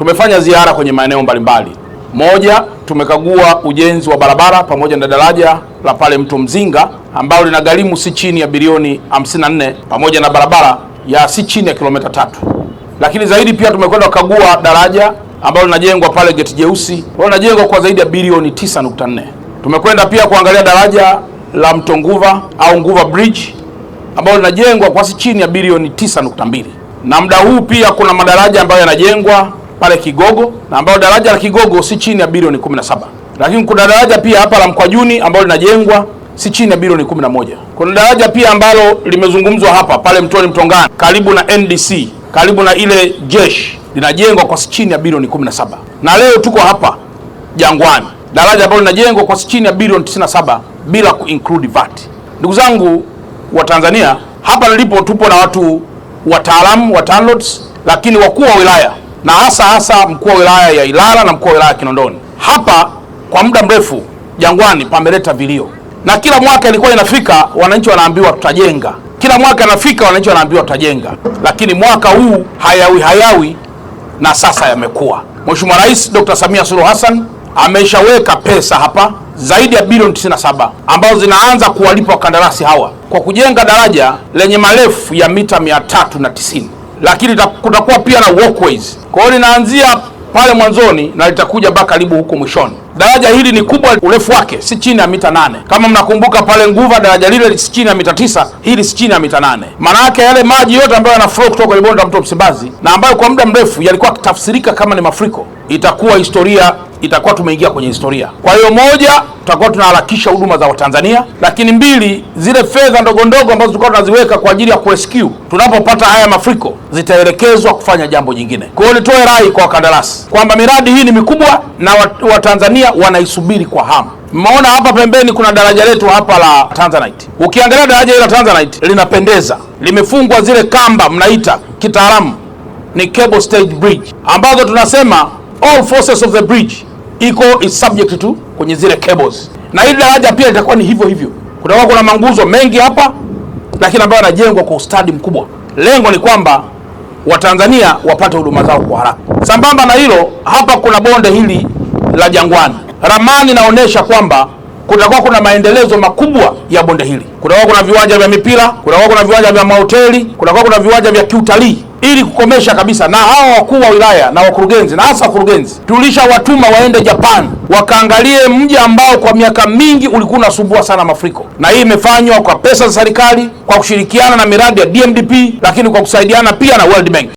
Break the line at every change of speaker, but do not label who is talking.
Tumefanya ziara kwenye maeneo mbalimbali. Moja, tumekagua ujenzi wa barabara pamoja na daraja la pale Mto Mzinga ambalo lina si chini ya bilioni 54 pamoja na barabara ya si chini ya kilomita tatu. Lakini zaidi pia tumekwenda kukagua daraja ambalo linajengwa pale Geti Jeusi ambalo linajengwa kwa zaidi ya bilioni 9.4. Tumekwenda pia kuangalia daraja la Mto Nguva au Nguva Bridge ambalo linajengwa kwa si chini ya bilioni 9.2. Na muda huu pia kuna madaraja ambayo yanajengwa pale Kigogo na ambayo daraja la Kigogo si chini ya bilioni 17, lakini kuna daraja pia hapa la Mkwajuni ambalo linajengwa si chini ya bilioni 11. Kuna daraja pia ambalo limezungumzwa hapa pale Mtoni Mtongani karibu na NDC karibu na ile jeshi linajengwa kwa si chini ya bilioni 17, na leo tuko hapa Jangwani, daraja ambalo linajengwa kwa si chini ya bilioni 97 bila include VAT. Ndugu zangu wa Tanzania, hapa nilipo tupo na watu wataalamu wa TANROADS, lakini wakuu wa wilaya na hasa hasa mkuu wa wilaya ya Ilala na mkuu wa wilaya ya Kinondoni. Hapa kwa muda mrefu Jangwani pameleta vilio, na kila mwaka ilikuwa inafika wananchi wanaambiwa tutajenga, kila mwaka inafika wananchi wanaambiwa tutajenga, lakini mwaka huu hayawi hayawi, na sasa yamekuwa. Mheshimiwa Rais Dr. Samia Suluhu Hassan ameshaweka pesa hapa zaidi ya bilioni 97 ambazo zinaanza kuwalipa wakandarasi hawa kwa kujenga daraja lenye marefu ya mita 390 lakini kutakuwa pia na walkways. Kwa hiyo linaanzia pale mwanzoni na litakuja mpaka karibu huko mwishoni. Daraja hili ni kubwa, urefu wake si chini ya mita nane. Kama mnakumbuka pale Nguva daraja lile si chini ya mita tisa, hili si chini ya mita nane. Maana yake yale maji yote ambayo yana flow kutoka kwenye bonde la mto Msimbazi na ambayo kwa muda mrefu yalikuwa yakitafsirika kama ni mafuriko, itakuwa historia itakuwa tumeingia kwenye historia. Kwa hiyo, moja, tutakuwa tunaharakisha huduma za Watanzania, lakini mbili, zile fedha ndogo ndogo ambazo tulikuwa tunaziweka kwa ajili ya kurescue tunapopata haya mafuriko zitaelekezwa kufanya jambo jingine. Kwa hiyo, nitoe rai kwa wakandarasi kwamba miradi hii ni mikubwa na Watanzania wanaisubiri kwa hamu. Mmeona hapa pembeni kuna daraja letu hapa la Tanzanite. Ukiangalia daraja hili la Tanzanite linapendeza, limefungwa zile kamba mnaita kitaalamu ni cable stage bridge ambazo tunasema all forces of the bridge iko is subject to kwenye zile cables, na hili daraja pia litakuwa ni hivyo hivyo. Kutakuwa kuna manguzo mengi hapa, lakini ambayo yanajengwa kwa ustadi mkubwa. Lengo ni kwamba Watanzania wapate huduma zao kwa haraka. Sambamba na hilo, hapa kuna bonde hili la Jangwani. Ramani inaonyesha kwamba kutakuwa kuna maendelezo makubwa ya bonde hili. Kutakuwa kuna viwanja vya mipira, kutakuwa kuna viwanja vya mahoteli, kutakuwa kuna viwanja vya kiutalii ili kukomesha kabisa. Na hawa wakuu wa wilaya na wakurugenzi na hasa wakurugenzi tulishawatuma waende Japan wakaangalie mji ambao kwa miaka mingi ulikuwa unasumbua sana mafuriko, na hii imefanywa kwa pesa za serikali, kwa kushirikiana na miradi ya DMDP, lakini kwa kusaidiana pia na World Bank.